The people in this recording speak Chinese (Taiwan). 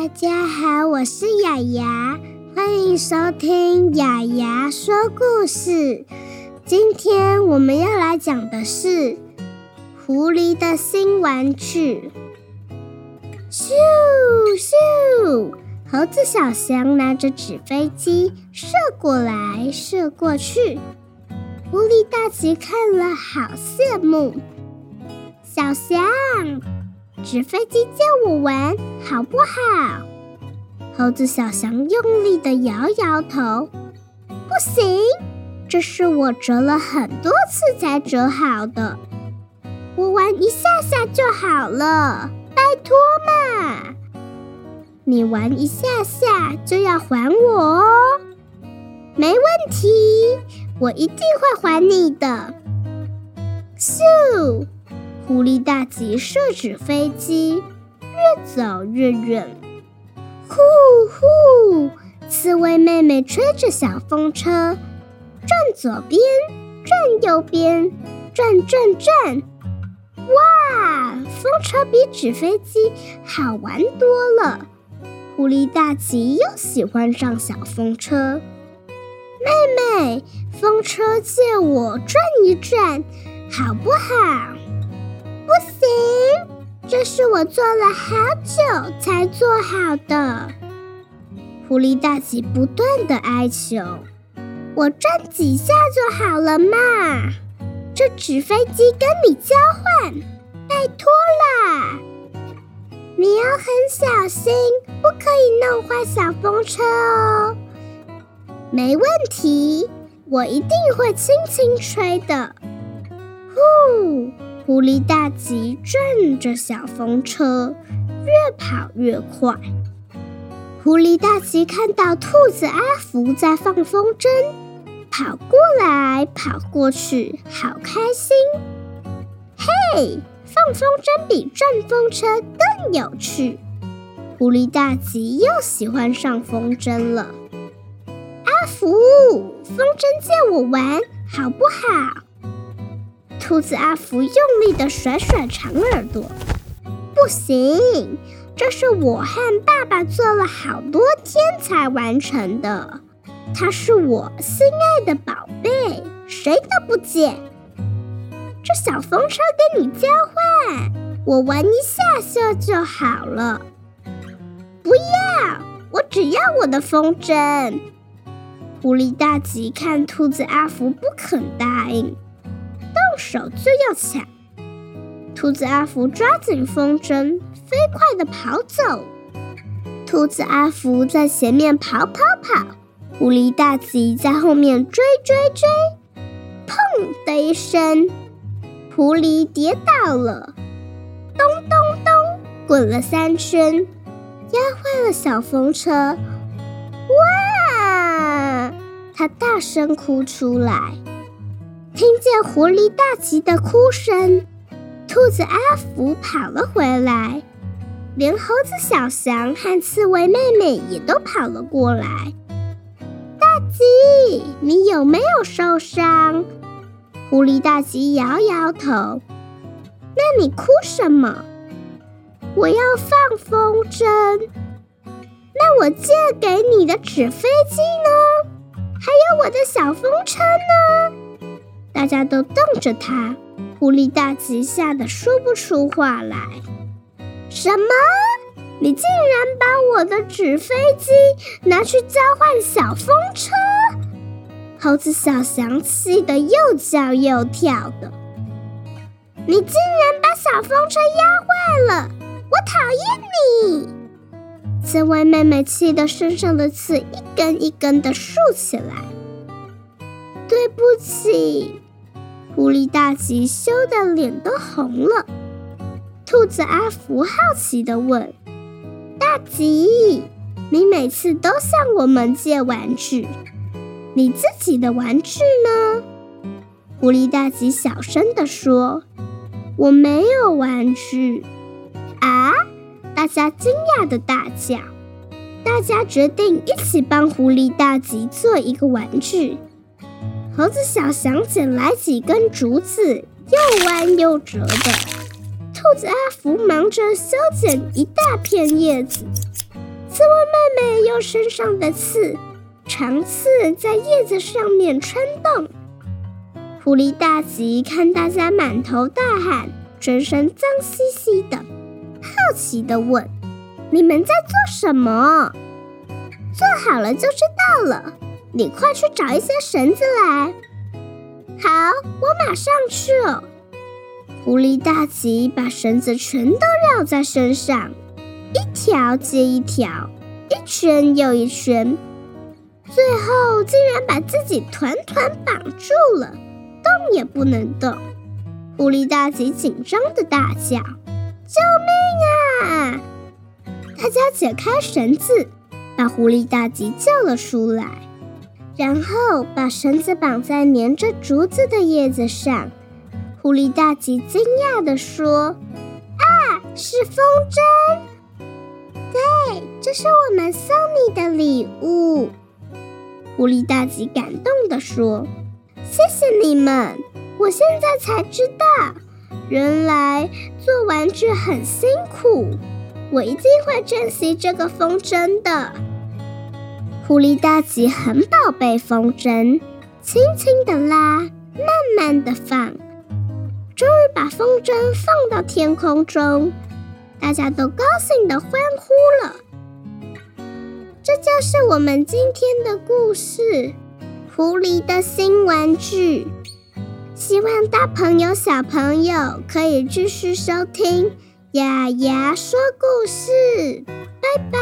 大家好，我是亞亞，歡迎收聽亞亞說故事。今天我們要來講的是狐狸的新玩具。咻咻，猴子小翔拿着紙飛機射過來射過去，狐狸大吉看了好羨慕。小翔！紙飛機借我玩好不好？猴子小熊用力地搖搖頭，不行，這是我折了很多次才折好的。我玩一下下就好了，拜託嘛。你玩一下下就要還我哦。沒問題，我一定會還你的，咻。狐狸大吉射紙飛機，越走越遠。呼呼，刺蝟妹妹吹着小風車，轉左邊，轉右邊，轉轉轉。哇，風車比紙飛機好玩多了。狐狸大吉又喜歡上小風車。妹妹，風車借我轉一轉，好不好？這是我做了好久才做好的，狐狸大吉不斷的哀求：“我轉幾下就好了嘛，這紙飛機跟你交換，拜托啦！你要很小心，不可以弄壞小風車哦。”“沒問題，我一定會輕輕吹的。”狐狸大吉轉着小風車，越跑越快。狐狸大吉看到兔子阿福在放風箏，跑過來跑過去，好開心。嘿，放風箏比轉風車更有趣。狐狸大吉又喜歡上風箏了。阿福，風箏借我玩，好不好？兔子阿福用力的甩甩長耳朵，不行，這是我和爸爸做了好多天才完成的，它是我心愛的寶貝，誰都不借。這小風車跟你交換，我玩一下下就好了。不要，我只要我的風箏。狐狸大吉看兔子阿福不肯答應。手就要搶，兔子阿福抓緊風箏，飛快地跑走。兔子阿福在前面跑跑跑，狐狸大吉在後面追追追。砰的一聲，狐狸跌倒了，咚咚咚，滾了三圈，壓壞了小風車。哇，他大聲哭出來。聽見狐狸大吉的哭聲，兔子阿福跑了回來，連猴子小翔和刺蝟妹妹也都跑了過來。大吉，你有沒有受傷？狐狸大吉搖搖頭。那你哭什麼？我要放風箏。那我借給你的紙飛機呢？還有我的小風車呢？大家都瞪着他，狐狸大吉嚇得說不出話來。什麼？你竟然把我的紙飛機拿去交換小風車？猴子小祥氣得又叫又跳的。你竟然把小風車壓壞了！我討厭你！刺蝟妹妹氣得身上的刺一根一根地豎起來。對不起。狐狸大吉羞的臉都紅了。兔子阿福好奇的問：“大吉，你每次都向我們借玩具，你自己的玩具呢？”狐狸大吉小聲的說：“我沒有玩具。”啊！大家驚訝的大叫。大家決定一起幫狐狸大吉做一個玩具。猴子小強撿來幾根竹子，又彎又折的。兔子阿福忙着修剪一大片葉子。刺蝟妹妹用身上的刺長刺在葉子上面穿洞。狐狸大吉看大家滿頭大汗，全身髒兮兮的，好奇地問：“你們在做什麼？做好了就知道了。”你快去找一些繩子來！好，我馬上去哦。狐狸大吉把繩子全都繞在身上，一條接一條，一圈又一圈，最後竟然把自己團團綁住了，動也不能動。狐狸大吉緊張的大叫：“救命啊！”大家解開繩子，把狐狸大吉救了出來。然後把繩子綁在粘着竹子的葉子上。狐狸大吉驚訝地說：“啊，是風箏！對，這是我們送你的禮物。”狐狸大吉感動地說：“謝謝你們，我現在才知道，原來做玩具很辛苦。我一定會珍惜這個風箏的。”狐狸大吉很寶貝風箏，輕輕地拉，慢慢地放，終於把風箏放到天空中，大家都高興地歡呼了。這就是我們今天的故事，狐狸的新玩具。希望大朋友小朋友可以繼續收聽亞亞說故事，拜拜。